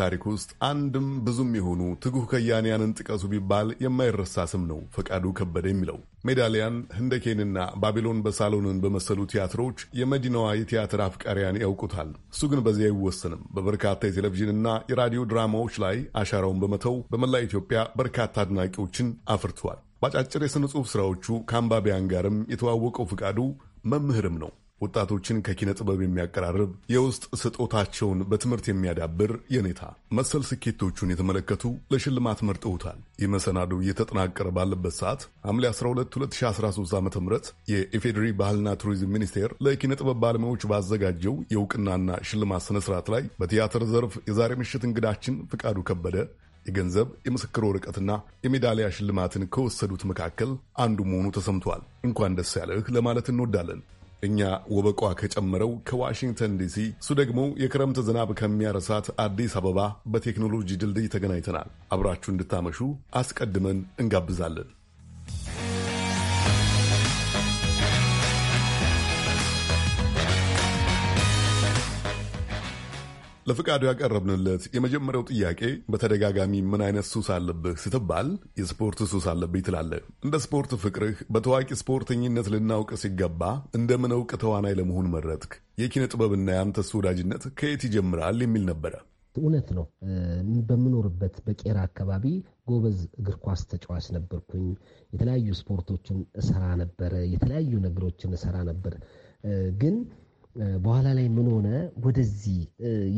ታሪክ ውስጥ አንድም ብዙም የሆኑ ትጉህ ከያንያንን ጥቀሱ ቢባል የማይረሳ ስም ነው ፈቃዱ ከበደ የሚለው። ሜዳሊያን፣ ህንደኬንና ባቢሎን በሳሎንን በመሰሉ ቲያትሮች የመዲናዋ የቲያትር አፍቃሪያን ያውቁታል። እሱ ግን በዚህ አይወሰንም። በበርካታ የቴሌቪዥንና የራዲዮ ድራማዎች ላይ አሻራውን በመተው በመላ ኢትዮጵያ በርካታ አድናቂዎችን አፍርቷል። በአጫጭር የሥነ ጽሑፍ ሥራዎቹ ከአንባቢያን ጋርም የተዋወቀው ፈቃዱ መምህርም ነው። ወጣቶችን ከኪነ ጥበብ የሚያቀራርብ የውስጥ ስጦታቸውን በትምህርት የሚያዳብር የኔታ መሰል ስኬቶቹን የተመለከቱ ለሽልማት መርጠውታል። ይህ መሰናዶ እየተጠናቀረ ባለበት ሰዓት ሐምሌ 12 2013 ዓ ም የኢፌዴሪ ባህልና ቱሪዝም ሚኒስቴር ለኪነ ጥበብ ባለሙያዎች ባዘጋጀው የእውቅናና ሽልማት ስነስርዓት ላይ በቲያትር ዘርፍ የዛሬ ምሽት እንግዳችን ፍቃዱ ከበደ የገንዘብ የምስክር ወረቀትና የሜዳሊያ ሽልማትን ከወሰዱት መካከል አንዱ መሆኑ ተሰምቷል። እንኳን ደስ ያለህ ለማለት እንወዳለን። እኛ ወበቋ ከጨመረው ከዋሽንግተን ዲሲ፣ እሱ ደግሞ የክረምት ዝናብ ከሚያረሳት አዲስ አበባ በቴክኖሎጂ ድልድይ ተገናኝተናል። አብራችሁ እንድታመሹ አስቀድመን እንጋብዛለን። ለፍቃዱ ያቀረብንለት የመጀመሪያው ጥያቄ በተደጋጋሚ ምን አይነት ሱስ አለብህ ስትባል የስፖርት ሱስ አለብኝ ትላለህ። እንደ ስፖርት ፍቅርህ በታዋቂ ስፖርተኝነት ልናውቅ ሲገባ እንደምን እውቅ ተዋናይ ለመሆን መረጥክ? የኪነ ጥበብና የአንተስ ወዳጅነት ከየት ይጀምራል የሚል ነበረ። እውነት ነው። በምኖርበት በቄራ አካባቢ ጎበዝ እግር ኳስ ተጫዋች ነበርኩኝ። የተለያዩ ስፖርቶችን እሰራ ነበረ። የተለያዩ ነገሮችን እሰራ ነበር ግን በኋላ ላይ ምን ሆነ? ወደዚህ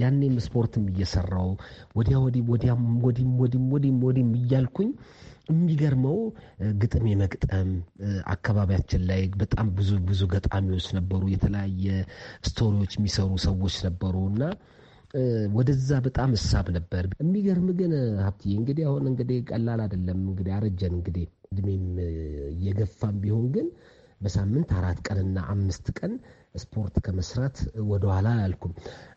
ያኔም ስፖርትም እየሰራው ወዲያ ወዲህ ወዲያም ወዲም ወዲም ወዲም ወዲም እያልኩኝ የሚገርመው ግጥም የመግጠም አካባቢያችን ላይ በጣም ብዙ ብዙ ገጣሚዎች ነበሩ። የተለያየ ስቶሪዎች የሚሰሩ ሰዎች ነበሩ እና ወደዛ በጣም እሳብ ነበር። የሚገርም ግን ሀብትዬ እንግዲህ አሁን እንግዲህ ቀላል አይደለም። እንግዲህ አረጀን እንግዲህ እድሜም እየገፋም ቢሆን ግን በሳምንት አራት ቀንና አምስት ቀን ስፖርት ከመስራት ወደኋላ አላልኩም።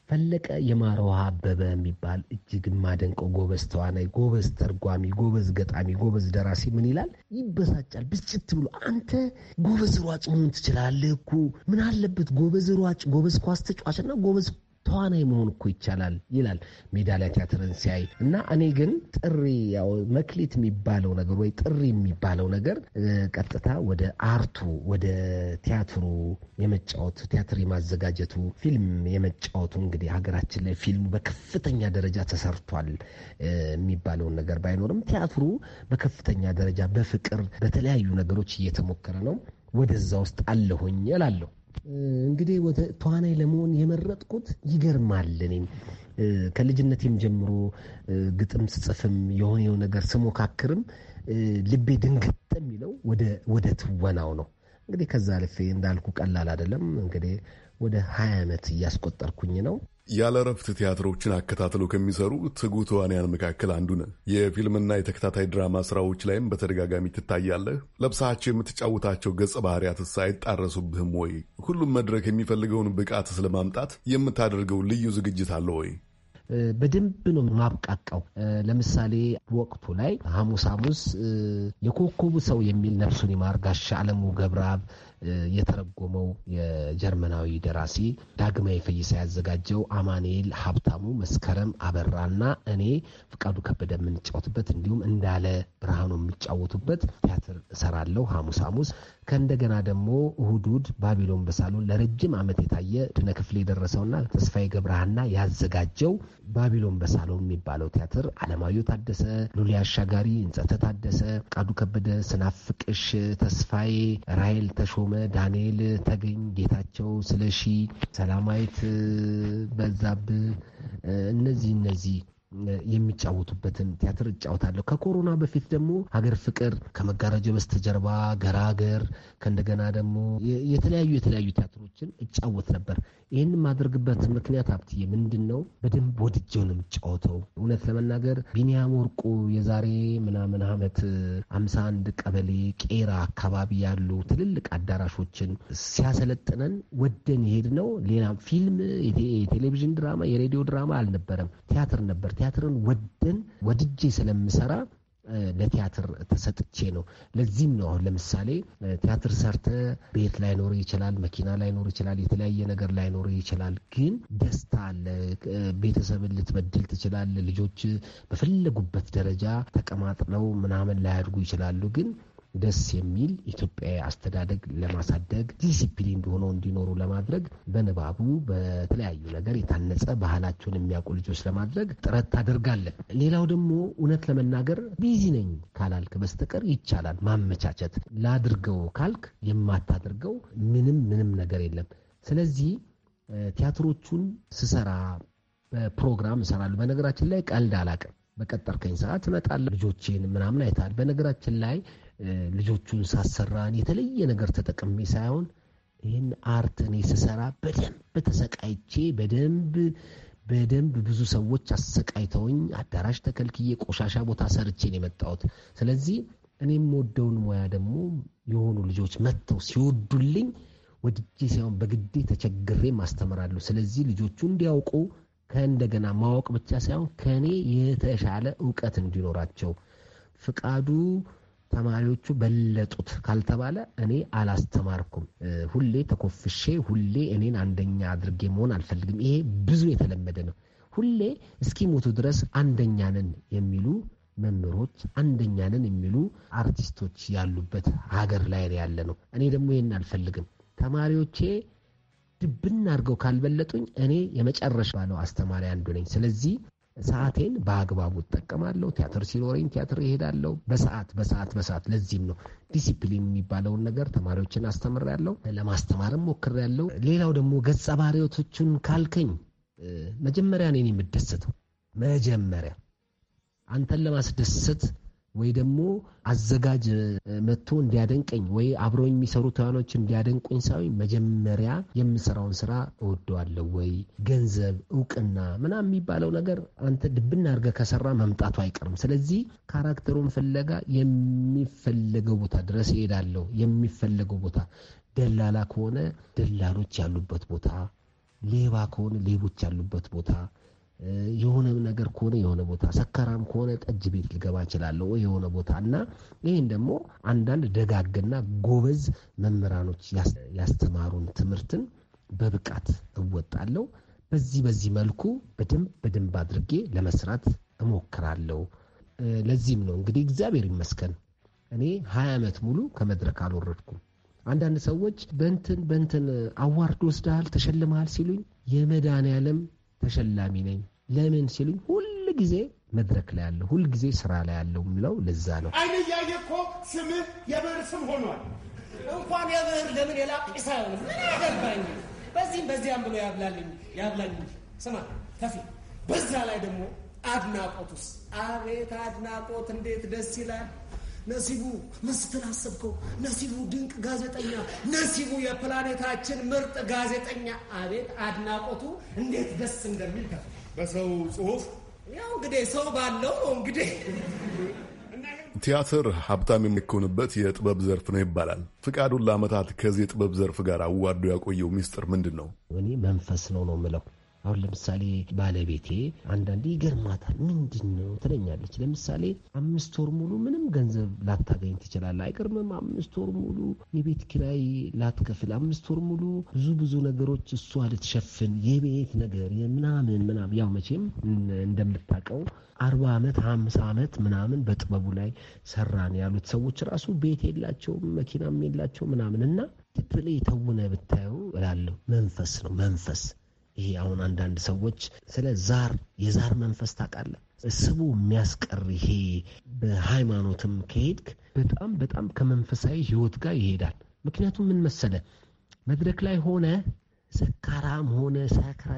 ፈለቀ የማረ ውሃ አበበ የሚባል እጅግ ማደንቀ ጎበዝ ተዋናይ፣ ጎበዝ ተርጓሚ፣ ጎበዝ ገጣሚ፣ ጎበዝ ደራሲ ምን ይላል? ይበሳጫል ብስጭት ብሎ አንተ ጎበዝ ሯጭ መሆን ትችላለህ እኮ ምን አለበት ጎበዝ ሯጭ፣ ጎበዝ ኳስ ተጫዋችና ጎበዝ ተዋናይ መሆን እኮ ይቻላል ይላል ሜዳ ላይ ቲያትርን ሲያይ እና እኔ ግን ጥሪ ያው መክሊት የሚባለው ነገር ወይ ጥሪ የሚባለው ነገር ቀጥታ ወደ አርቱ ወደ ቲያትሩ የመጫወቱ ቲያትር የማዘጋጀቱ ፊልም የመጫወቱ እንግዲህ ሀገራችን ላይ ፊልሙ በከፍተኛ ደረጃ ተሰርቷል የሚባለውን ነገር ባይኖርም ቲያትሩ በከፍተኛ ደረጃ በፍቅር በተለያዩ ነገሮች እየተሞከረ ነው። ወደዛ ውስጥ አለሁኝ እላለሁ። እንግዲህ ተዋናይ ለመሆን የመረጥኩት ይገርማል። እኔም ከልጅነቴም ጀምሮ ግጥም ስጽፍም የሆነው ነገር ስሞካክርም ልቤ ድንግጥ የሚለው ወደ ትወናው ነው። እንግዲህ ከዛ ልፌ እንዳልኩ ቀላል አይደለም። እንግዲህ ወደ ሀያ ዓመት እያስቆጠርኩኝ ነው። ያለ ረፍት ቲያትሮችን አከታትሎ ከሚሰሩ ትጉህ ተዋንያን መካከል አንዱ ነህ። የፊልምና የተከታታይ ድራማ ስራዎች ላይም በተደጋጋሚ ትታያለህ። ለብሳቸው የምትጫወታቸው ገጸ ባህሪያትስ አይጣረሱብህም ወይ? ሁሉም መድረክ የሚፈልገውን ብቃትስ ለማምጣት የምታደርገው ልዩ ዝግጅት አለ ወይ? በደንብ ነው ማብቃቃው። ለምሳሌ ወቅቱ ላይ ሐሙስ ሐሙስ የኮከቡ ሰው የሚል ነፍሱን ይማር ጋሻ አለሙ ገብረአብ የተረጎመው የጀርመናዊ ደራሲ ዳግማዊ ፈይሳ ያዘጋጀው አማኑኤል ሀብታሙ፣ መስከረም አበራና እኔ ፍቃዱ ከበደ የምንጫወትበት እንዲሁም እንዳለ ብርሃኑ የሚጫወቱበት ቲያትር እሰራለሁ ሐሙስ ሐሙስ ከእንደገና ደግሞ እሁድ እሁድ ባቢሎን በሳሎን ለረጅም ዓመት የታየ ድነ ክፍል የደረሰውና ተስፋዬ ገብረሃና ያዘጋጀው ባቢሎን በሳሎን የሚባለው ቲያትር አለማየሁ ታደሰ፣ ሉሊ አሻጋሪ፣ እንጸተ ታደሰ፣ ቃዱ ከበደ፣ ስናፍቅሽ ተስፋዬ፣ ራሄል ተሾመ፣ ዳንኤል ተገኝ፣ ጌታቸው ስለሺ፣ ሰላማዊት በዛብ እነዚህ እነዚህ የሚጫወቱበትን ቲያትር እጫወታለሁ። ከኮሮና በፊት ደግሞ ሀገር ፍቅር፣ ከመጋረጃው በስተጀርባ ገራገር፣ ከእንደገና ደግሞ የተለያዩ የተለያዩ ቲያትሮችን እጫወት ነበር። ይህን የማደርግበት ምክንያት ሀብትዬ ምንድን ነው? በደንብ ወድጀው ነው የምጫወተው። እውነት ለመናገር ቢኒያም ወርቁ የዛሬ ምናምን ዓመት አምሳ አንድ ቀበሌ ቄራ አካባቢ ያሉ ትልልቅ አዳራሾችን ሲያሰለጥነን ወደን የሄድነው ሌላ ፊልም፣ የቴሌቪዥን ድራማ፣ የሬዲዮ ድራማ አልነበረም፣ ቲያትር ነበር። ቲያትርን ወደን ወድጄ ስለምሰራ ለቲያትር ተሰጥቼ ነው። ለዚህም ነው አሁን ለምሳሌ ቲያትር ሰርተ ቤት ላይኖር ይችላል፣ መኪና ላይኖር ይችላል፣ የተለያየ ነገር ላይኖር ይችላል። ግን ደስታ አለ። ቤተሰብን ልትበድል ትችላል። ልጆች በፈለጉበት ደረጃ ተቀማጥለው ምናምን ላያድጉ ይችላሉ ግን ደስ የሚል ኢትዮጵያዊ አስተዳደግ ለማሳደግ ዲሲፕሊን ሆነው እንዲኖሩ ለማድረግ በንባቡ በተለያዩ ነገር የታነጸ ባህላቸውን የሚያውቁ ልጆች ለማድረግ ጥረት ታደርጋለን። ሌላው ደግሞ እውነት ለመናገር ቢዚ ነኝ ካላልክ በስተቀር ይቻላል ማመቻቸት። ላድርገው ካልክ የማታደርገው ምንም ምንም ነገር የለም። ስለዚህ ቲያትሮቹን ስሰራ በፕሮግራም እሰራለሁ። በነገራችን ላይ ቀልድ አላቅም። በቀጠርከኝ ሰዓት እመጣለሁ። ልጆቼን ምናምን አይታል በነገራችን ላይ ልጆቹን ሳሰራ የተለየ ነገር ተጠቅሜ ሳይሆን ይህን አርት እኔ ስሰራ በደንብ ተሰቃይቼ በደንብ በደንብ ብዙ ሰዎች አሰቃይተውኝ አዳራሽ ተከልክዬ ቆሻሻ ቦታ ሰርቼን ነው የመጣሁት። ስለዚህ እኔም ወደውን ሙያ ደግሞ የሆኑ ልጆች መጥተው ሲወዱልኝ ወድጄ ሳይሆን በግዴ ተቸግሬ ማስተምራለሁ። ስለዚህ ልጆቹ እንዲያውቁ ከእንደገና ማወቅ ብቻ ሳይሆን ከእኔ የተሻለ እውቀት እንዲኖራቸው ፍቃዱ ተማሪዎቹ በለጡት ካልተባለ እኔ አላስተማርኩም። ሁሌ ተኮፍሼ፣ ሁሌ እኔን አንደኛ አድርጌ መሆን አልፈልግም። ይሄ ብዙ የተለመደ ነው። ሁሌ እስኪሞቱ ድረስ አንደኛ ነን የሚሉ መምህሮች፣ አንደኛ ነን የሚሉ አርቲስቶች ያሉበት ሀገር ላይ ያለ ነው። እኔ ደግሞ ይህን አልፈልግም። ተማሪዎቼ ድብና አድርገው ካልበለጡኝ እኔ የመጨረሻ ባለው አስተማሪ አንዱ ነኝ። ስለዚህ ሰዓቴን በአግባቡ እጠቀማለሁ። ቲያትር ሲኖረኝ ቲያትር ይሄዳለሁ። በሰዓት በሰዓት በሰዓት ለዚህም ነው ዲሲፕሊን የሚባለውን ነገር ተማሪዎችን አስተምሬያለሁ፣ ለማስተማርም ሞክሬያለሁ። ሌላው ደግሞ ገጸ ባህሪዎቶቹን ካልከኝ መጀመሪያ እኔን የምደሰተው መጀመሪያ አንተን ለማስደሰት ወይ ደግሞ አዘጋጅ መጥቶ እንዲያደንቀኝ ወይ አብረው የሚሰሩ ተዋናዮች እንዲያደንቁኝ ሳዊ መጀመሪያ የምሰራውን ስራ እወደዋለሁ ወይ ገንዘብ፣ እውቅና ምናምን የሚባለው ነገር አንተ ድብና አድርገህ ከሰራ መምጣቱ አይቀርም። ስለዚህ ካራክተሩን ፍለጋ የሚፈለገው ቦታ ድረስ እሄዳለሁ። የሚፈለገው ቦታ ደላላ ከሆነ ደላሎች ያሉበት ቦታ፣ ሌባ ከሆነ ሌቦች ያሉበት ቦታ የሆነ ነገር ከሆነ የሆነ ቦታ ሰከራም ከሆነ ጠጅ ቤት ልገባ እችላለሁ የሆነ ቦታ እና ይህን ደግሞ አንዳንድ ደጋግና ጎበዝ መምህራኖች ያስተማሩን ትምህርትን በብቃት እወጣለሁ። በዚህ በዚህ መልኩ በደንብ በደንብ አድርጌ ለመስራት እሞክራለሁ። ለዚህም ነው እንግዲህ እግዚአብሔር ይመስገን እኔ ሀያ ዓመት ሙሉ ከመድረክ አልወረድኩም። አንዳንድ ሰዎች በንትን በንትን አዋርድ ወስደሃል ተሸልመሃል ሲሉኝ የመድኃኔዓለም ተሸላሚ ነኝ ለምን ሲሉኝ ሁል ጊዜ መድረክ ላይ ያለው ሁል ጊዜ ስራ ላይ ያለው የሚለው ለዛ ነው። አይን እያየ እኮ ስምህ የብዕር ስም ሆኗል። እንኳን የብዕር ለምን የላቅ ሳይሆን ምን ያገባኝ በዚህም በዚያም ብሎ ያብላልኝ ያብላኝ። ስማ ተፊ፣ በዛ ላይ ደግሞ አድናቆቱስ አቤት አድናቆት እንዴት ደስ ይላል። ነሲቡ ምን ስትል አሰብከው? ነሲቡ ድንቅ ጋዜጠኛ፣ ነሲቡ የፕላኔታችን ምርጥ ጋዜጠኛ። አቤት አድናቆቱ እንዴት ደስ እንደሚል ተፊ በሰው ጽሁፍ ያው እንግዲህ ሰው ባለው ነው እንግዲህ ቲያትር ሀብታም የሚኮንበት የጥበብ ዘርፍ ነው ይባላል። ፍቃዱን ለአመታት ከዚህ የጥበብ ዘርፍ ጋር አዋዶ ያቆየው ሚስጥር ምንድን ነው? እኔ መንፈስ ነው ነው የምለው አሁን ለምሳሌ ባለቤቴ አንዳንዴ ይገርማታል። ምንድን ነው ትለኛለች። ለምሳሌ አምስት ወር ሙሉ ምንም ገንዘብ ላታገኝ ትችላለህ። አይገርምም? አምስት ወር ሙሉ የቤት ኪራይ ላትከፍል፣ አምስት ወር ሙሉ ብዙ ብዙ ነገሮች እሷ ልትሸፍን፣ የቤት ነገር ምናምን ምናምን። ያው መቼም እንደምታውቀው አርባ ዓመት ሀምሳ ዓመት ምናምን በጥበቡ ላይ ሰራን ያሉት ሰዎች ራሱ ቤት የላቸውም መኪናም የላቸው ምናምን እና ትትል የተውነ ብታየው እላለሁ። መንፈስ ነው መንፈስ ይሄ አሁን አንዳንድ ሰዎች ስለ ዛር የዛር መንፈስ ታውቃለህ፣ ስቡ የሚያስቀር ይሄ በሃይማኖትም ከሄድክ በጣም በጣም ከመንፈሳዊ ህይወት ጋር ይሄዳል። ምክንያቱም ምን መሰለ መድረክ ላይ ሆነ ሰካራም ሆነ ሰክረ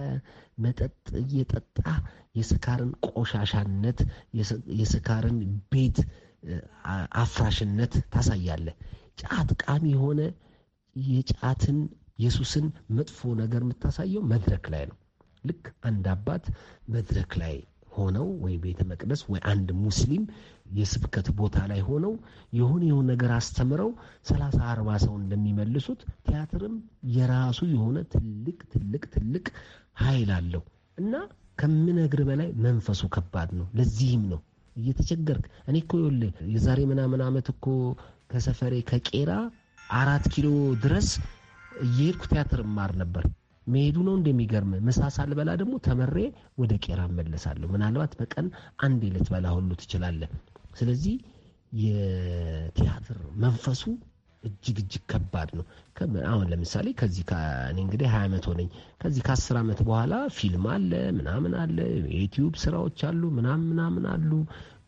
መጠጥ እየጠጣ የስካርን ቆሻሻነት የስካርን ቤት አፍራሽነት ታሳያለህ። ጫት ቃሚ የሆነ የጫትን ኢየሱስን መጥፎ ነገር የምታሳየው መድረክ ላይ ነው። ልክ አንድ አባት መድረክ ላይ ሆነው ወይ ቤተ መቅደስ ወይ አንድ ሙስሊም የስብከት ቦታ ላይ ሆነው የሆነ የሆነ ነገር አስተምረው ሰላሳ አርባ ሰው እንደሚመልሱት ቲያትርም የራሱ የሆነ ትልቅ ትልቅ ትልቅ ኃይል አለው እና ከምነግር በላይ መንፈሱ ከባድ ነው። ለዚህም ነው እየተቸገርክ እኔ እኮ የዛሬ ምናምን ዓመት እኮ ከሰፈሬ ከቄራ አራት ኪሎ ድረስ እየሄድኩ ቲያትር እማር ነበር። መሄዱ ነው እንደሚገርም ምሳ ሳልበላ ደግሞ ተመሬ ወደ ቄራ መለሳለሁ ምናልባት በቀን አንድ በላ ሁሉ ትችላለህ። ስለዚህ የቲያትር መንፈሱ እጅግ እጅግ ከባድ ነው። አሁን ለምሳሌ ከዚህ እኔ እንግዲህ ሀያ ዓመት ሆነኝ። ከዚህ ከአስር ዓመት በኋላ ፊልም አለ ምናምን አለ፣ ዩቲዩብ ስራዎች አሉ ምናምን ምናምን አሉ።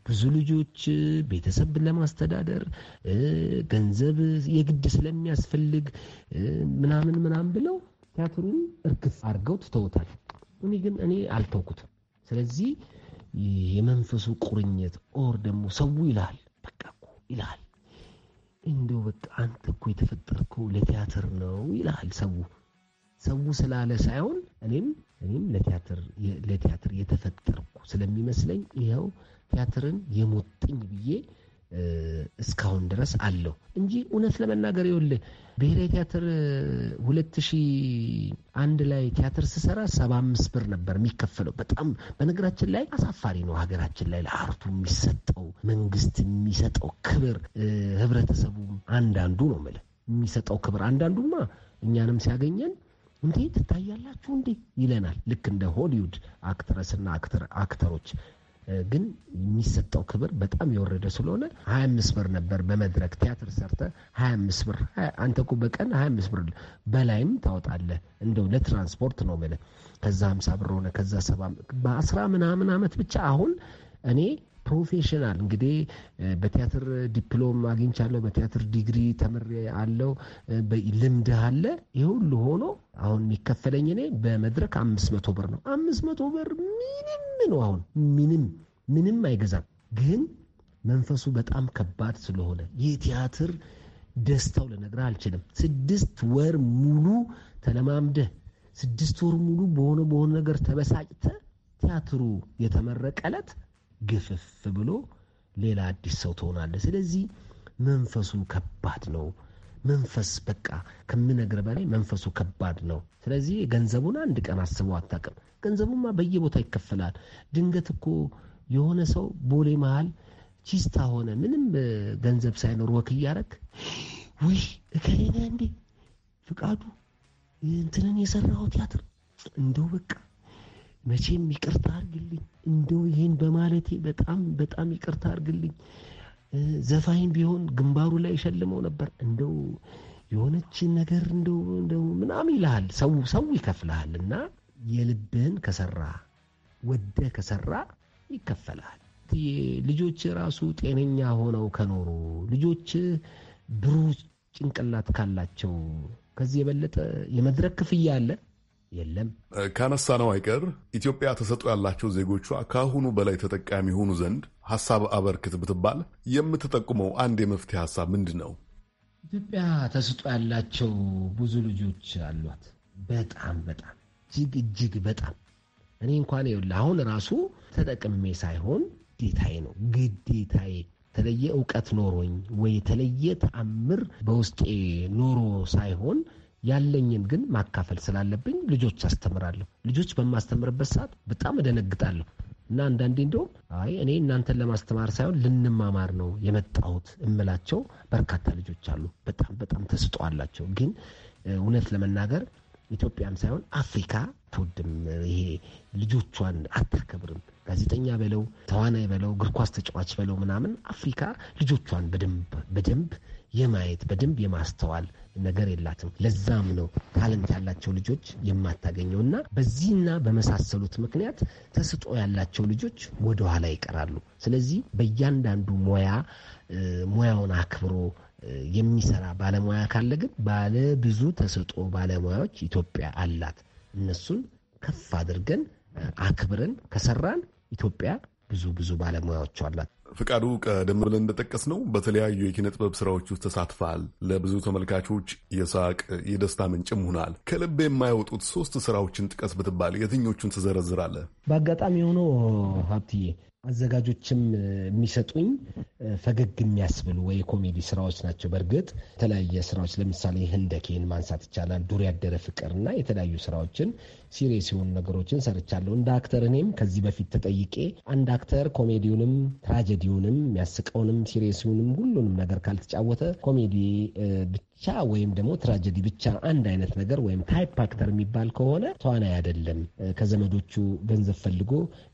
ብዙ ልጆች ቤተሰብ ለማስተዳደር ገንዘብ የግድ ስለሚያስፈልግ ምናምን ምናምን ብለው ቲያትሩን እርግፍ አድርገው ትተውታል። እኔ ግን እኔ አልተውኩትም። ስለዚህ የመንፈሱ ቁርኝት ኦር ደግሞ ሰው ይልሃል፣ በቃ እኮ ይልሃል፣ እንደው በቃ አንተ እኮ የተፈጠርከው ለቲያትር ነው ይልሃል ሰው ሰው ስላለ ሳይሆን እኔም እኔም ለቲያትር የተፈጠርኩ ስለሚመስለኝ ይኸው ቲያትርን የሞጥኝ ብዬ እስካሁን ድረስ አለው እንጂ እውነት ለመናገር ይኸውልህ ብሔራዊ ቲያትር ሁለት ሺህ አንድ ላይ ቲያትር ስሰራ ሰባ አምስት ብር ነበር የሚከፈለው። በጣም በነገራችን ላይ አሳፋሪ ነው። ሀገራችን ላይ ለአርቱ የሚሰጠው መንግስት የሚሰጠው ክብር ህብረተሰቡ አንዳንዱ ነው የምልህ የሚሰጠው ክብር አንዳንዱማ እኛንም ሲያገኘን እንዴ ትታያላችሁ እንዴ ይለናል። ልክ እንደ ሆሊውድ አክትረስና አክተሮች ግን የሚሰጠው ክብር በጣም የወረደ ስለሆነ ሀያ አምስት ብር ነበር በመድረክ ቲያትር ሰርተ ሀያ አምስት ብር አንተ እኮ በቀን ሀያ አምስት ብር በላይም ታወጣለህ። እንደው ለትራንስፖርት ነው የምልህ ከዛ ሀምሳ ብር ሆነ ከዛ ሰባ በአስራ ምናምን ዓመት ብቻ አሁን እኔ ፕሮፌሽናል እንግዲህ በቲያትር ዲፕሎም አግኝቻለሁ፣ በቲያትር ዲግሪ ተምሬ አለው፣ ልምድ አለ። ይህ ሁሉ ሆኖ አሁን የሚከፈለኝ እኔ በመድረክ አምስት መቶ ብር ነው። አምስት መቶ ብር ምንም ነው። አሁን ምንም ምንም አይገዛም። ግን መንፈሱ በጣም ከባድ ስለሆነ የቲያትር ደስታው ልነግርህ አልችልም። ስድስት ወር ሙሉ ተለማምደህ ስድስት ወር ሙሉ በሆነ በሆነ ነገር ተበሳጭተ ቲያትሩ የተመረቀ ዕለት ግፍፍ ብሎ ሌላ አዲስ ሰው ትሆናለህ። ስለዚህ መንፈሱ ከባድ ነው። መንፈስ በቃ ከምነግር በላይ መንፈሱ ከባድ ነው። ስለዚህ ገንዘቡን አንድ ቀን አስበው አታውቅም። ገንዘቡማ በየቦታ ይከፈላል። ድንገት እኮ የሆነ ሰው ቦሌ መሃል ቺስታ ሆነ ምንም ገንዘብ ሳይኖር ወክ እያረግ ውይ እከሌነ እንዴ ፍቃዱ እንትንን የሰራው ቲያትር እንደው በቃ መቼም ይቅርታ አርግልኝ፣ እንደው ይህን በማለቴ በጣም በጣም ይቅርታ አርግልኝ። ዘፋኝ ቢሆን ግንባሩ ላይ ይሸልመው ነበር። እንደው የሆነች ነገር እንደው እንደው ምናምን ይልሃል፣ ሰው ሰው ይከፍልሃል። እና የልብህን ከሰራ ወደ ከሰራ ይከፈልሃል። ልጆች ራሱ ጤነኛ ሆነው ከኖሩ ልጆች ብሩህ ጭንቅላት ካላቸው ከዚህ የበለጠ የመድረክ ክፍያ አለ? የለም። ካነሳ ነው አይቀር ኢትዮጵያ ተሰጥኦ ያላቸው ዜጎቿ ከአሁኑ በላይ ተጠቃሚ ሆኑ ዘንድ ሀሳብ አበርክት ብትባል የምትጠቁመው አንድ የመፍትሄ ሀሳብ ምንድን ነው? ኢትዮጵያ ተሰጥኦ ያላቸው ብዙ ልጆች አሏት። በጣም በጣም እጅግ እጅግ በጣም እኔ እንኳን ይኸውልህ አሁን ራሱ ተጠቅሜ ሳይሆን ግዴታዬ ነው ግዴታዬ የተለየ እውቀት ኖሮኝ ወይ የተለየ ተአምር በውስጤ ኖሮ ሳይሆን ያለኝን ግን ማካፈል ስላለብኝ ልጆች አስተምራለሁ። ልጆች በማስተምርበት ሰዓት በጣም እደነግጣለሁ እና አንዳንዴ እንዲሁም አይ እኔ እናንተን ለማስተማር ሳይሆን ልንማማር ነው የመጣሁት እምላቸው በርካታ ልጆች አሉ። በጣም በጣም ተስጦ አላቸው። ግን እውነት ለመናገር ኢትዮጵያም ሳይሆን አፍሪካ ትውድም ይሄ ልጆቿን አታከብርም። ጋዜጠኛ በለው፣ ተዋናይ በለው፣ እግር ኳስ ተጫዋች በለው ምናምን አፍሪካ ልጆቿን በደንብ የማየት በደንብ የማስተዋል ነገር የላትም። ለዛም ነው ታለንት ያላቸው ልጆች የማታገኘው እና በዚህና በመሳሰሉት ምክንያት ተስጦ ያላቸው ልጆች ወደኋላ ይቀራሉ። ስለዚህ በእያንዳንዱ ሙያ ሙያውን አክብሮ የሚሰራ ባለሙያ ካለ ግን ባለ ብዙ ተስጦ ባለሙያዎች ኢትዮጵያ አላት። እነሱን ከፍ አድርገን አክብረን ከሰራን ኢትዮጵያ ብዙ ብዙ ባለሙያዎች አሏት። ፍቃዱ ቀደም ብለን እንደጠቀስ ነው በተለያዩ የኪነ ጥበብ ስራዎች ውስጥ ተሳትፋል። ለብዙ ተመልካቾች የሳቅ የደስታ ምንጭም ሆናል። ከልብ የማይወጡት ሶስት ስራዎችን ጥቀስ ብትባል የትኞቹን ትዘረዝራለህ? በአጋጣሚ ሆኖ ሀብትዬ አዘጋጆችም የሚሰጡኝ ፈገግ የሚያስብሉ ወይ ኮሜዲ ስራዎች ናቸው። በእርግጥ የተለያየ ስራዎች ለምሳሌ ህንደኬን ማንሳት ይቻላል። ዱር ያደረ ፍቅርና የተለያዩ ስራዎችን ሲሪየስ የሆኑ ነገሮችን ሰርቻለሁ። እንደ አክተር እኔም ከዚህ በፊት ተጠይቄ አንድ አክተር ኮሜዲውንም ትራጀዲውንም የሚያስቀውንም ሲሪየሱንም ሁሉንም ነገር ካልተጫወተ ኮሜዲ ብቻ ወይም ደግሞ ትራጀዲ ብቻ አንድ አይነት ነገር ወይም ታይፕ አክተር የሚባል ከሆነ ተዋናይ አይደለም። ከዘመዶቹ ገንዘብ ፈልጎ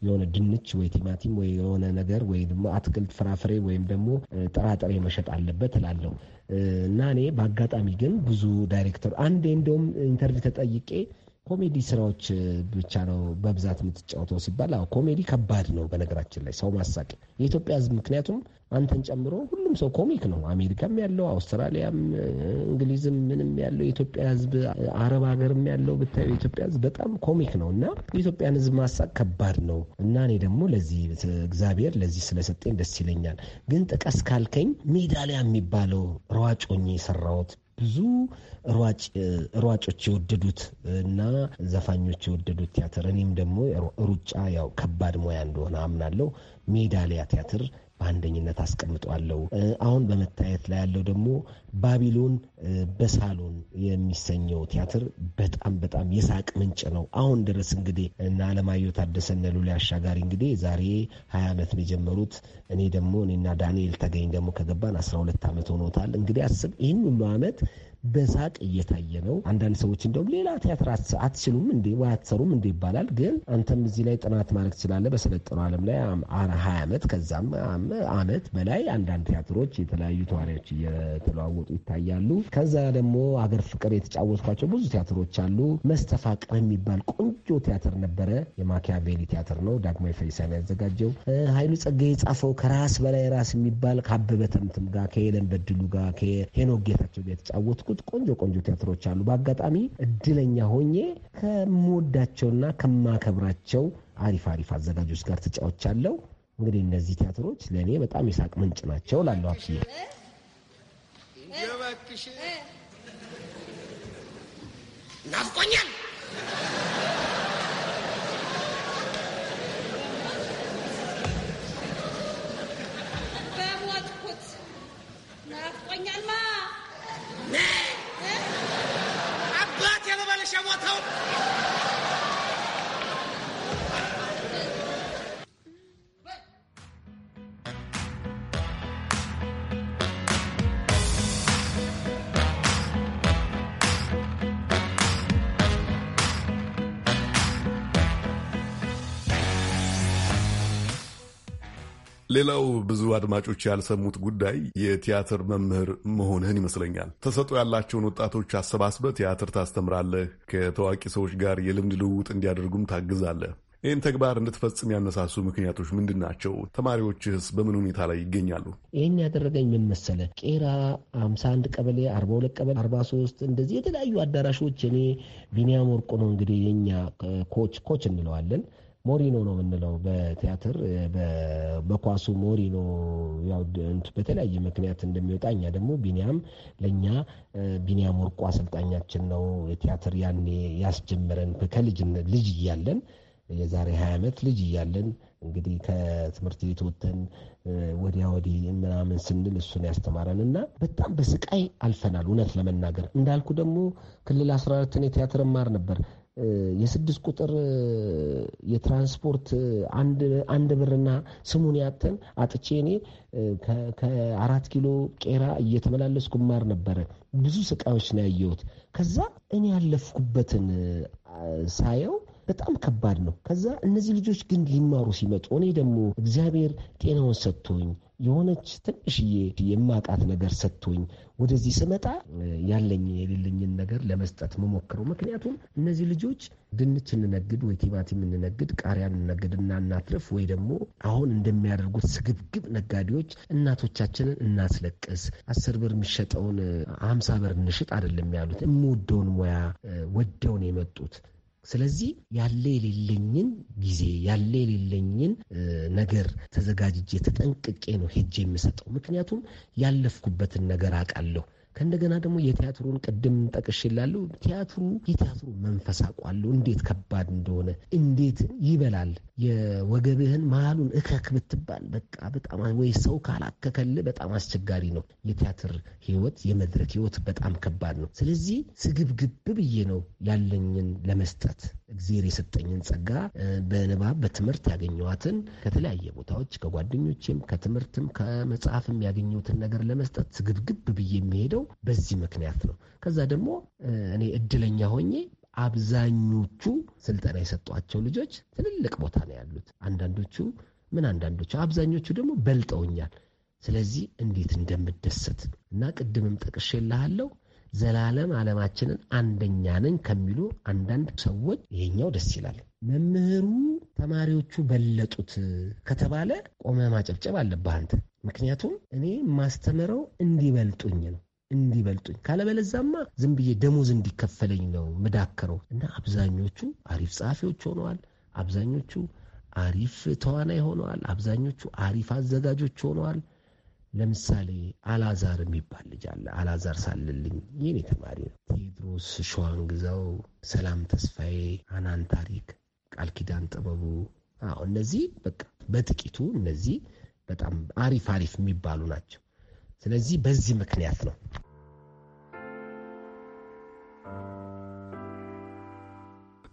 የሆነ ድንች ወይ ቲማቲም ወይ የሆነ ነገር ወይ ደግሞ አትክልት ፍራፍሬ ወይም ደግሞ ጥራጥሬ መሸጥ አለበት እላለሁ እና እኔ በአጋጣሚ ግን ብዙ ዳይሬክተር አንዴ እንደውም ኢንተርቪው ተጠይቄ ኮሜዲ ስራዎች ብቻ ነው በብዛት የምትጫወተው ሲባል አዎ ኮሜዲ ከባድ ነው። በነገራችን ላይ ሰው ማሳቅ የኢትዮጵያ ሕዝብ ምክንያቱም አንተን ጨምሮ ሁሉም ሰው ኮሚክ ነው። አሜሪካም ያለው አውስትራሊያም፣ እንግሊዝም ምንም ያለው የኢትዮጵያ ሕዝብ አረብ ሀገርም ያለው ብታዩ የኢትዮጵያ ሕዝብ በጣም ኮሚክ ነው እና የኢትዮጵያን ሕዝብ ማሳቅ ከባድ ነው እና እኔ ደግሞ ለዚህ እግዚአብሔር ለዚህ ስለሰጠኝ ደስ ይለኛል። ግን ጥቀስ ካልከኝ ሜዳሊያ የሚባለው ሯጮኝ የሰራሁት ብዙ ሯጮች የወደዱት እና ዘፋኞች የወደዱት ቲያትር እኔም ደግሞ ሩጫ ያው ከባድ ሙያ እንደሆነ አምናለሁ። ሜዳሊያ ቲያትር በአንደኝነት አስቀምጠዋለሁ። አሁን በመታየት ላይ ያለው ደግሞ ባቢሎን በሳሎን የሚሰኘው ቲያትር በጣም በጣም የሳቅ ምንጭ ነው። አሁን ድረስ እንግዲህ እና አለማየሁ ታደሰነ ሉሊ አሻጋሪ እንግዲህ ዛሬ ሀያ ዓመት ነው የጀመሩት። እኔ ደግሞ እኔና ዳንኤል ተገኝ ደግሞ ከገባን አስራ ሁለት ዓመት ሆኖታል። እንግዲህ አስብ ይህን ሁሉ ዓመት በሳቅ እየታየ ነው። አንዳንድ ሰዎች እንደውም ሌላ ቲያትር አትችሉም እንዴ ወይ አትሰሩም እንዴ ይባላል። ግን አንተም እዚህ ላይ ጥናት ማድረግ ትችላለህ። በሰለጠነው ዓለም ላይ ሀያ ዓመት ከዛም ዓመት በላይ አንዳንድ ቲያትሮች የተለያዩ ተዋሪዎች እየተለዋወጡ ይታያሉ። ከዛ ደግሞ አገር ፍቅር የተጫወትኳቸው ብዙ ቲያትሮች አሉ። መስተፋቅር የሚባል ቆንጆ ቲያትር ነበረ። የማኪያቬሊ ቲያትር ነው። ዳግማዊ ፈይሳን ያዘጋጀው ኃይሉ ጸጋ የጻፈው ከራስ በላይ ራስ የሚባል ከአበበ ተምትም ጋር ከየለን በድሉ ጋር ከሄኖክ ጌታቸው ጋር የተጫወትኩት ቆንጆ ቆንጆ ቲያትሮች አሉ። በአጋጣሚ እድለኛ ሆኜ ከምወዳቸውና ከማከብራቸው አሪፍ አሪፍ አዘጋጆች ጋር አለው እንግዲህ እነዚህ ቲያትሮች ለእኔ በጣም የሳቅ ምንጭ ናቸው ላለው Göbek kişi. Nafkonyan. ሌላው ብዙ አድማጮች ያልሰሙት ጉዳይ የቲያትር መምህር መሆንህን ይመስለኛል። ተሰጥኦ ያላቸውን ወጣቶች አሰባስበህ ቲያትር ታስተምራለህ፣ ከታዋቂ ሰዎች ጋር የልምድ ልውውጥ እንዲያደርጉም ታግዛለህ። ይህን ተግባር እንድትፈጽም ያነሳሱ ምክንያቶች ምንድን ናቸው? ተማሪዎችህስ በምን ሁኔታ ላይ ይገኛሉ? ይህን ያደረገኝ ምን መሰለ፣ ቄራ አምሳ አንድ ቀበሌ አርባ ሁለት ቀበሌ አርባ ሶስት እንደዚህ የተለያዩ አዳራሾች እኔ ቢኒያም ወርቆ ነው እንግዲህ የኛ ኮች ኮች እንለዋለን ሞሪኖ ነው የምንለው በቲያትር በኳሱ ሞሪኖ በተለያየ ምክንያት እንደሚወጣ እኛ ደግሞ ቢኒያም ለእኛ ቢኒያም ወርቁ አሰልጣኛችን ነው። ቲያትር ያኔ ያስጀመረን ከልጅነት ልጅ እያለን የዛሬ ሀያ ዓመት ልጅ እያለን እንግዲህ ከትምህርት ቤት ወጥተን ወዲያ ወዲህ ምናምን ስንል እሱን ያስተማረን እና በጣም በስቃይ አልፈናል። እውነት ለመናገር እንዳልኩ ደግሞ ክልል አስራ አራትን የቲያትር ማር ነበር የስድስት ቁጥር የትራንስፖርት አንድ ብርና ስሙን ያተን አጥቼ እኔ ከአራት ኪሎ ቄራ እየተመላለስኩ ማር ነበረ። ብዙ ስቃዮች ነው ያየሁት። ከዛ እኔ ያለፍኩበትን ሳየው በጣም ከባድ ነው። ከዛ እነዚህ ልጆች ግን ሊማሩ ሲመጡ እኔ ደግሞ እግዚአብሔር ጤናውን ሰጥቶኝ የሆነች ትንሽዬ የማቃት ነገር ሰጥቶኝ ወደዚህ ስመጣ ያለኝ የሌለኝን ነገር ለመስጠት መሞክረው። ምክንያቱም እነዚህ ልጆች ድንች እንነግድ ወይ ቲማቲም እንነግድ፣ ቃሪያ እንነግድ እና እናትርፍ ወይ ደግሞ አሁን እንደሚያደርጉት ስግብግብ ነጋዴዎች እናቶቻችንን እናስለቅስ፣ አስር ብር የሚሸጠውን ሀምሳ ብር እንሽጥ አይደለም ያሉት። የምወደውን ሙያ ወደውን የመጡት ስለዚህ ያለ የሌለኝን ጊዜ ያለ የሌለኝን ነገር ተዘጋጅጄ ተጠንቅቄ ነው ሄጄ የምሰጠው። ምክንያቱም ያለፍኩበትን ነገር አውቃለሁ። ከእንደገና ደግሞ የቲያትሩን ቅድም ጠቅሽላለሁ። ቲያትሩ የቲያትሩ መንፈስ አውቋለሁ፣ እንዴት ከባድ እንደሆነ እንዴት ይበላል። የወገብህን መሀሉን እከክ ብትባል በቃ በጣም ወይ ሰው ካላከከል በጣም አስቸጋሪ ነው። የቲያትር ህይወት፣ የመድረክ ህይወት በጣም ከባድ ነው። ስለዚህ ስግብግብ ብዬ ነው ያለኝን ለመስጠት እግዜር የሰጠኝን ጸጋ በንባብ በትምህርት ያገኘዋትን ከተለያየ ቦታዎች ከጓደኞችም ከትምህርትም ከመጽሐፍም ያገኘሁትን ነገር ለመስጠት ስግብግብ ብዬ የሚሄደው በዚህ ምክንያት ነው። ከዛ ደግሞ እኔ እድለኛ ሆኜ አብዛኞቹ ስልጠና የሰጧቸው ልጆች ትልልቅ ቦታ ነው ያሉት። አንዳንዶቹ ምን አንዳንዶቹ አብዛኞቹ ደግሞ በልጠውኛል። ስለዚህ እንዴት እንደምደሰት እና ቅድምም ጠቅሼ ጠቅሼልሃለሁ ዘላለም ዓለማችንን አንደኛ ነኝ ከሚሉ አንዳንድ ሰዎች ይሄኛው ደስ ይላል። መምህሩ ተማሪዎቹ በለጡት ከተባለ ቆመ ማጨብጨብ አለብህ አንተ። ምክንያቱም እኔ ማስተምረው እንዲበልጡኝ ነው እንዲበልጡኝ ካለበለዛማ ዝም ብዬ ደሞዝ እንዲከፈለኝ ነው ምዳክረው እና አብዛኞቹ አሪፍ ጸሐፊዎች ሆነዋል። አብዛኞቹ አሪፍ ተዋናይ ሆነዋል። አብዛኞቹ አሪፍ አዘጋጆች ሆነዋል። ለምሳሌ አላዛር የሚባል ልጅ አለ። አላዛር ሳለልኝ የኔ ተማሪ ነው። ቴዎድሮስ ሸዋንግዛው፣ ሰላም ተስፋዬ፣ አናን ታሪክ፣ ቃል ኪዳን ጥበቡ፣ አዎ እነዚህ በቃ በጥቂቱ እነዚህ በጣም አሪፍ አሪፍ የሚባሉ ናቸው። ስለዚህ በዚህ ምክንያት ነው።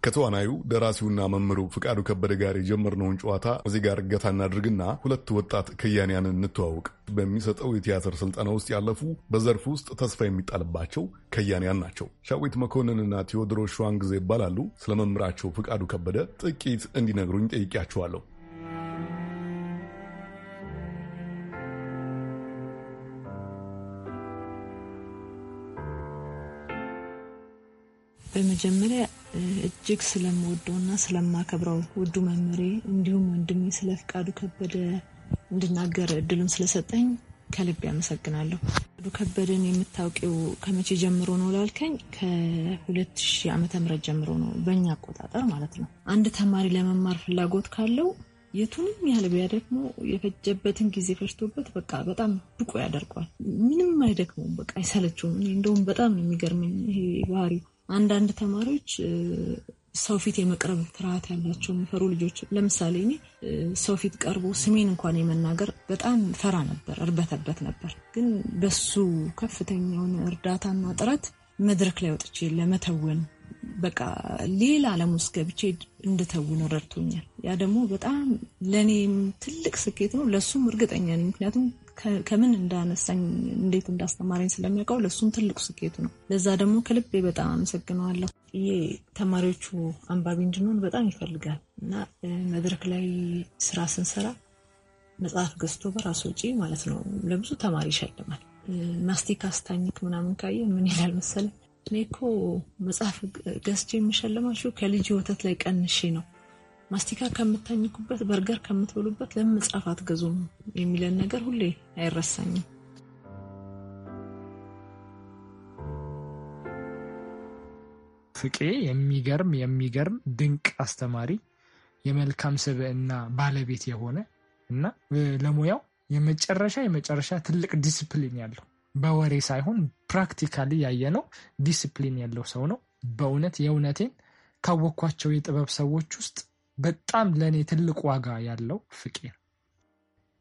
ከተዋናዩ ደራሲውና መምህሩ ፍቃዱ ከበደ ጋር የጀመርነውን ጨዋታ እዚህ ጋር እገታ እናድርግና ሁለት ወጣት ከያንያንን እንተዋውቅ። በሚሰጠው የቲያትር ስልጠና ውስጥ ያለፉ በዘርፍ ውስጥ ተስፋ የሚጣልባቸው ከያንያን ናቸው። ሻዊት መኮንንና ቴዎድሮስ ሸዋን ጊዜ ይባላሉ። ስለ መምህራቸው ፍቃዱ ከበደ ጥቂት እንዲነግሩኝ ጠይቄያችኋለሁ። በመጀመሪያ እጅግ ስለምወደውና ስለማከብረው ውዱ መምህሬ እንዲሁም ወንድሜ ስለ ፍቃዱ ከበደ እንድናገር እድሉን ስለሰጠኝ ከልብ ያመሰግናለሁ። ፍቃዱ ከበደን የምታውቂው ከመቼ ጀምሮ ነው ላልከኝ ከ2000 ዓመተ ጀምሮ ነው በእኛ አቆጣጠር ማለት ነው። አንድ ተማሪ ለመማር ፍላጎት ካለው የቱንም ያህል ቢያደክሞ የፈጀበትን ጊዜ ፈጅቶበት በቃ በጣም ብቁ ያደርገዋል። ምንም አይደክመውም፣ በቃ አይሰለችውም። እንደውም በጣም ነው የሚገርመኝ ይሄ ባህሪው አንዳንድ ተማሪዎች ሰው ፊት የመቅረብ ፍርሃት ያላቸው የሚፈሩ ልጆች፣ ለምሳሌ እኔ ሰው ፊት ቀርቦ ስሜን እንኳን የመናገር በጣም ፈራ ነበር፣ እርበተበት ነበር። ግን በሱ ከፍተኛውን እርዳታና ጥረት መድረክ ላይ ወጥቼ ለመተወን በቃ ሌላ ዓለም ውስጥ ገብቼ እንድተውን ረድቶኛል። ያ ደግሞ በጣም ለእኔም ትልቅ ስኬት ነው፣ ለእሱም እርግጠኛ ነኝ። ምክንያቱም ከምን እንዳነሳኝ እንዴት እንዳስተማረኝ ስለሚያውቀው ለእሱም ትልቅ ስኬቱ ነው። ለዛ ደግሞ ከልቤ በጣም አመሰግነዋለሁ። ይሄ ተማሪዎቹ አንባቢ እንድንሆን በጣም ይፈልጋል እና መድረክ ላይ ስራ ስንሰራ መጽሐፍ ገዝቶ በራሱ ውጪ ማለት ነው ለብዙ ተማሪ ይሸልማል። ማስቲካ አስታኝክ ምናምን ካየ ምን ይላል መሰለ እኔ እኮ መጽሐፍ ገዝቼ የምሸልማችሁ ከልጅ ወተት ላይ ቀንሼ ነው ማስቲካ ከምታኝኩበት በርገር ከምትበሉበት ለምን መጽሐፍ አትገዙም የሚለን ነገር ሁሌ አይረሳኝም። ፍቄ የሚገርም የሚገርም ድንቅ አስተማሪ፣ የመልካም ስብዕና ባለቤት የሆነ እና ለሙያው የመጨረሻ የመጨረሻ ትልቅ ዲስፕሊን ያለው በወሬ ሳይሆን ፕራክቲካሊ ያየነው ዲስፕሊን ያለው ሰው ነው። በእውነት የእውነቴን ካወቅኳቸው የጥበብ ሰዎች ውስጥ በጣም ለእኔ ትልቅ ዋጋ ያለው ፍቅር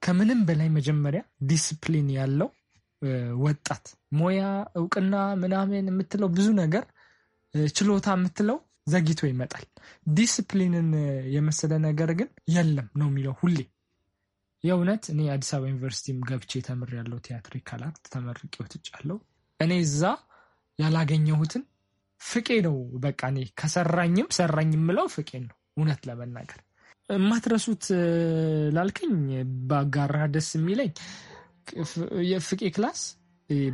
ከምንም በላይ መጀመሪያ ዲስፕሊን ያለው ወጣት ሞያ፣ እውቅና ምናምን የምትለው ብዙ ነገር ችሎታ የምትለው ዘግቶ ይመጣል። ዲስፕሊንን የመሰለ ነገር ግን የለም ነው የሚለው ሁሌ። የእውነት እኔ አዲስ አበባ ዩኒቨርሲቲም ገብቼ ተምሬያለሁ። ቲያትሪካል አርት ተመርቄ ወጥቻለሁ። እኔ እዛ ያላገኘሁትን ፍቄ ነው። በቃ እኔ ከሰራኝም ሰራኝ የምለው ፍቄ ነው። እውነት ለመናገር የማትረሱት ላልከኝ ባጋራህ ደስ የሚለኝ የፍቄ ክላስ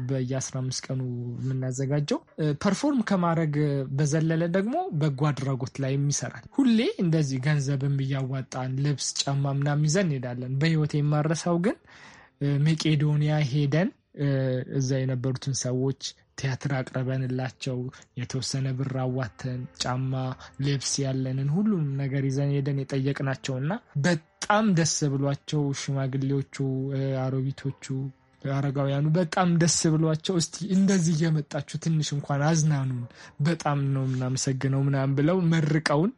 በየ15 ቀኑ የምናዘጋጀው ፐርፎርም ከማድረግ በዘለለ ደግሞ በጎ አድራጎት ላይ ይሰራል። ሁሌ እንደዚህ ገንዘብም እያዋጣን ልብስ፣ ጫማ ምናምን ይዘን እንሄዳለን። በህይወት የማረሰው ግን መቄዶንያ ሄደን እዛ የነበሩትን ሰዎች ቲያትር አቅርበንላቸው የተወሰነ ብር አዋተን ጫማ፣ ልብስ ያለንን ሁሉንም ነገር ይዘን ሄደን የጠየቅናቸው እና በጣም ደስ ብሏቸው ሽማግሌዎቹ፣ አሮቢቶቹ አረጋውያኑ በጣም ደስ ብሏቸው እስቲ እንደዚህ እየመጣችሁ ትንሽ እንኳን አዝናኑን በጣም ነው የምናመሰግነው ምናምን ብለው መርቀውን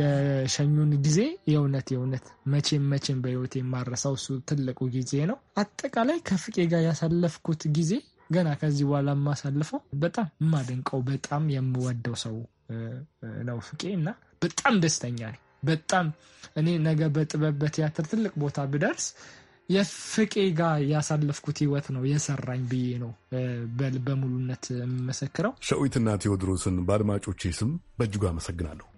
የሸኙን ጊዜ የእውነት የእውነት መቼም መቼም በህይወት የማረሳው እሱ ትልቁ ጊዜ ነው። አጠቃላይ ከፍቄ ጋር ያሳለፍኩት ጊዜ ገና ከዚህ በኋላ የማሳልፈው በጣም የማደንቀው በጣም የምወደው ሰው ነው ፍቄ እና በጣም ደስተኛ ነኝ። በጣም እኔ ነገ በጥበብ በቲያትር ትልቅ ቦታ ብደርስ የፍቄ ጋር ያሳለፍኩት ህይወት ነው የሰራኝ ብዬ ነው በሙሉነት የምመሰክረው። ሸዊትና ቴዎድሮስን በአድማጮቼ ስም በእጅጉ አመሰግናለሁ።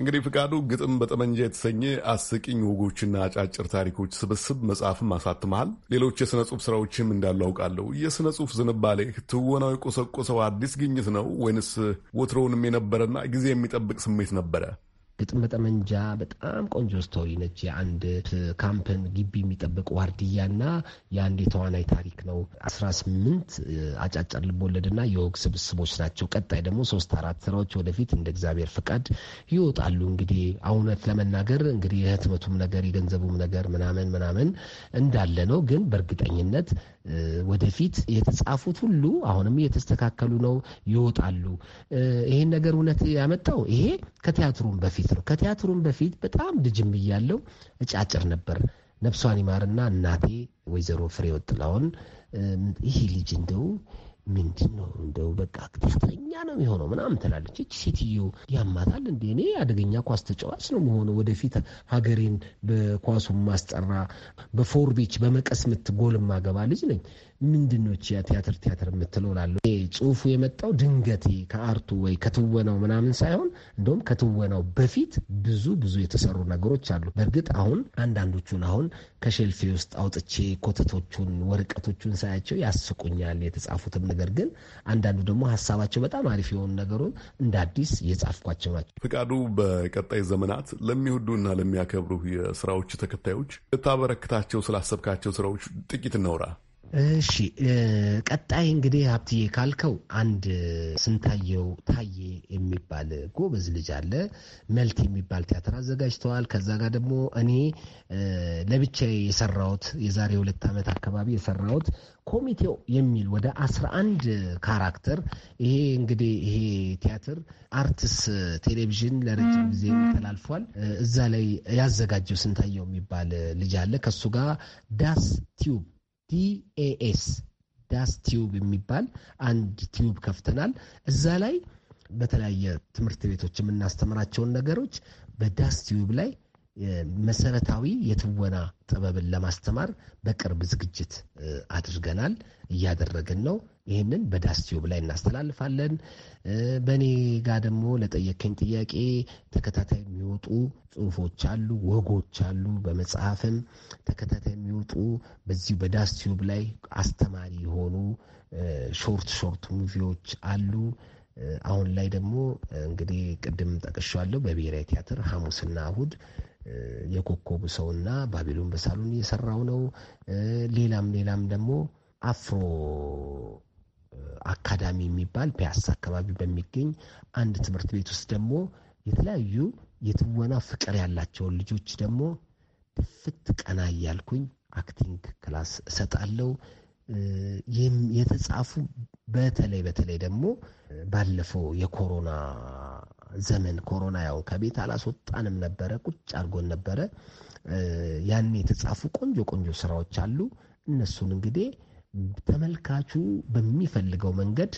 እንግዲህ ፍቃዱ ግጥም በጠመንጃ የተሰኘ አስቂኝ ወጎችና አጫጭር ታሪኮች ስብስብ መጽሐፍም አሳትመሃል። ሌሎች የሥነ ጽሑፍ ሥራዎችም እንዳሉ አውቃለሁ። የሥነ ጽሑፍ ዝንባሌ ትወናው የቆሰቆሰው አዲስ ግኝት ነው ወይንስ ወትሮውንም የነበረና ጊዜ የሚጠብቅ ስሜት ነበረ? ግጥም መጠመንጃ በጣም ቆንጆ ስቶሪ ነች። የአንድ ካምፕን ግቢ የሚጠብቅ ዋርድያና የአንድ የተዋናይ ታሪክ ነው። አስራ ስምንት አጫጭር ልቦለድና የወግ ስብስቦች ናቸው። ቀጣይ ደግሞ ሶስት አራት ስራዎች ወደፊት እንደ እግዚአብሔር ፍቃድ ይወጣሉ። እንግዲህ እውነት ለመናገር እንግዲህ የህትመቱም ነገር የገንዘቡም ነገር ምናምን ምናምን እንዳለ ነው። ግን በእርግጠኝነት ወደፊት የተጻፉት ሁሉ አሁንም እየተስተካከሉ ነው ይወጣሉ። ይሄን ነገር እውነት ያመጣው ይሄ ከቲያትሩም በፊት ነው። ከቲያትሩም በፊት በጣም ልጅም እያለው እጫጭር ነበር። ነፍሷን ይማርና እናቴ ወይዘሮ ፍሬ ወጥላውን ይህ ልጅ እንደው ምንድን ነው እንደው በቃ ክስተኛ ነው የሆነው ምናምን ትላለች። እች ሴትዮ ያማታል እንደ እኔ አደገኛ ኳስ ተጫዋች ነው መሆኑ ወደፊት ሀገሬን በኳሱ ማስጠራ በፎርቤች በመቀስ ምት ጎል ማገባ ልጅ ነኝ። ምንድን ነው ቲያትር ቲያትር የምትለው ላለው ጽሁፉ የመጣው ድንገቴ ከአርቱ ወይ ከትወናው ምናምን ሳይሆን እንደውም ከትወናው በፊት ብዙ ብዙ የተሰሩ ነገሮች አሉ። በእርግጥ አሁን አንዳንዶቹን አሁን ከሸልፌ ውስጥ አውጥቼ ኮተቶቹን፣ ወረቀቶቹን ሳያቸው ያስቁኛል የተጻፉትም። ነገር ግን አንዳንዱ ደግሞ ሀሳባቸው በጣም አሪፍ የሆኑ ነገሩን እንደ አዲስ የጻፍኳቸው ናቸው። ፍቃዱ፣ በቀጣይ ዘመናት ለሚወዱና ለሚያከብሩ የስራዎች ተከታዮች ልታበረክታቸው ስላሰብካቸው ስራዎች ጥቂት እናውራ። እሺ ቀጣይ እንግዲህ ሀብትዬ ካልከው አንድ ስንታየው ታዬ የሚባል ጎበዝ ልጅ አለ። መልት የሚባል ቲያትር አዘጋጅተዋል። ከዛ ጋር ደግሞ እኔ ለብቻ የሰራሁት የዛሬ ሁለት ዓመት አካባቢ የሰራሁት ኮሚቴው የሚል ወደ አስራ አንድ ካራክተር ይሄ እንግዲህ ይሄ ቲያትር አርትስ ቴሌቪዥን ለረጅም ጊዜ ተላልፏል። እዛ ላይ ያዘጋጀው ስንታየው የሚባል ልጅ አለ። ከሱ ጋር ዳስ ቲዩብ ዲኤኤስ ዳስ ቲዩብ የሚባል አንድ ቲዩብ ከፍተናል። እዛ ላይ በተለያየ ትምህርት ቤቶች የምናስተምራቸውን ነገሮች በዳስ ቲዩብ ላይ መሰረታዊ የትወና ጥበብን ለማስተማር በቅርብ ዝግጅት አድርገናል፣ እያደረግን ነው። ይህንን በዳስትዮብ ላይ እናስተላልፋለን። በእኔ ጋር ደግሞ ለጠየከኝ ጥያቄ ተከታታይ የሚወጡ ጽሁፎች አሉ፣ ወጎች አሉ። በመጽሐፍም ተከታታይ የሚወጡ በዚሁ በዳስ ላይ አስተማሪ የሆኑ ሾርት ሾርት ሙቪዎች አሉ። አሁን ላይ ደግሞ እንግዲህ ቅድም ጠቅሻለሁ በብሔራዊ ቲያትር ሐሙስና እሁድ የኮከቡ ሰውና ባቢሎን በሳሎን እየሰራው ነው። ሌላም ሌላም ደግሞ አፍሮ አካዳሚ የሚባል ፒያሳ አካባቢ በሚገኝ አንድ ትምህርት ቤት ውስጥ ደግሞ የተለያዩ የትወና ፍቅር ያላቸውን ልጆች ደግሞ ድፍት ቀና እያልኩኝ አክቲንግ ክላስ እሰጣለሁ። የተጻፉ በተለይ በተለይ ደግሞ ባለፈው የኮሮና ዘመን ኮሮና ያው ከቤት አላስወጣንም ነበረ፣ ቁጭ አድርጎን ነበረ። ያን የተጻፉ ቆንጆ ቆንጆ ስራዎች አሉ። እነሱን እንግዲህ ተመልካቹ በሚፈልገው መንገድ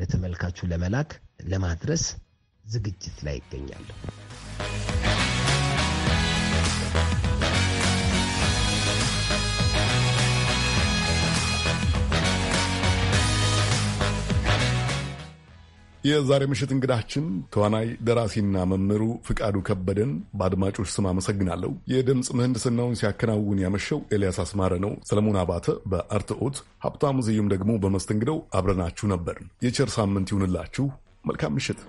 ለተመልካቹ ለመላክ ለማድረስ ዝግጅት ላይ ይገኛሉ። የዛሬ ምሽት እንግዳችን ተዋናይ ደራሲና መምህሩ ፍቃዱ ከበደን በአድማጮች ስም አመሰግናለሁ። የድምፅ ምህንድስናውን ሲያከናውን ያመሸው ኤልያስ አስማረ ነው። ሰለሞን አባተ በአርትኦት፣ ሀብታሙ ዝዩም ደግሞ በመስተንግደው አብረናችሁ ነበር። የቸር ሳምንት ይሁንላችሁ። መልካም ምሽት።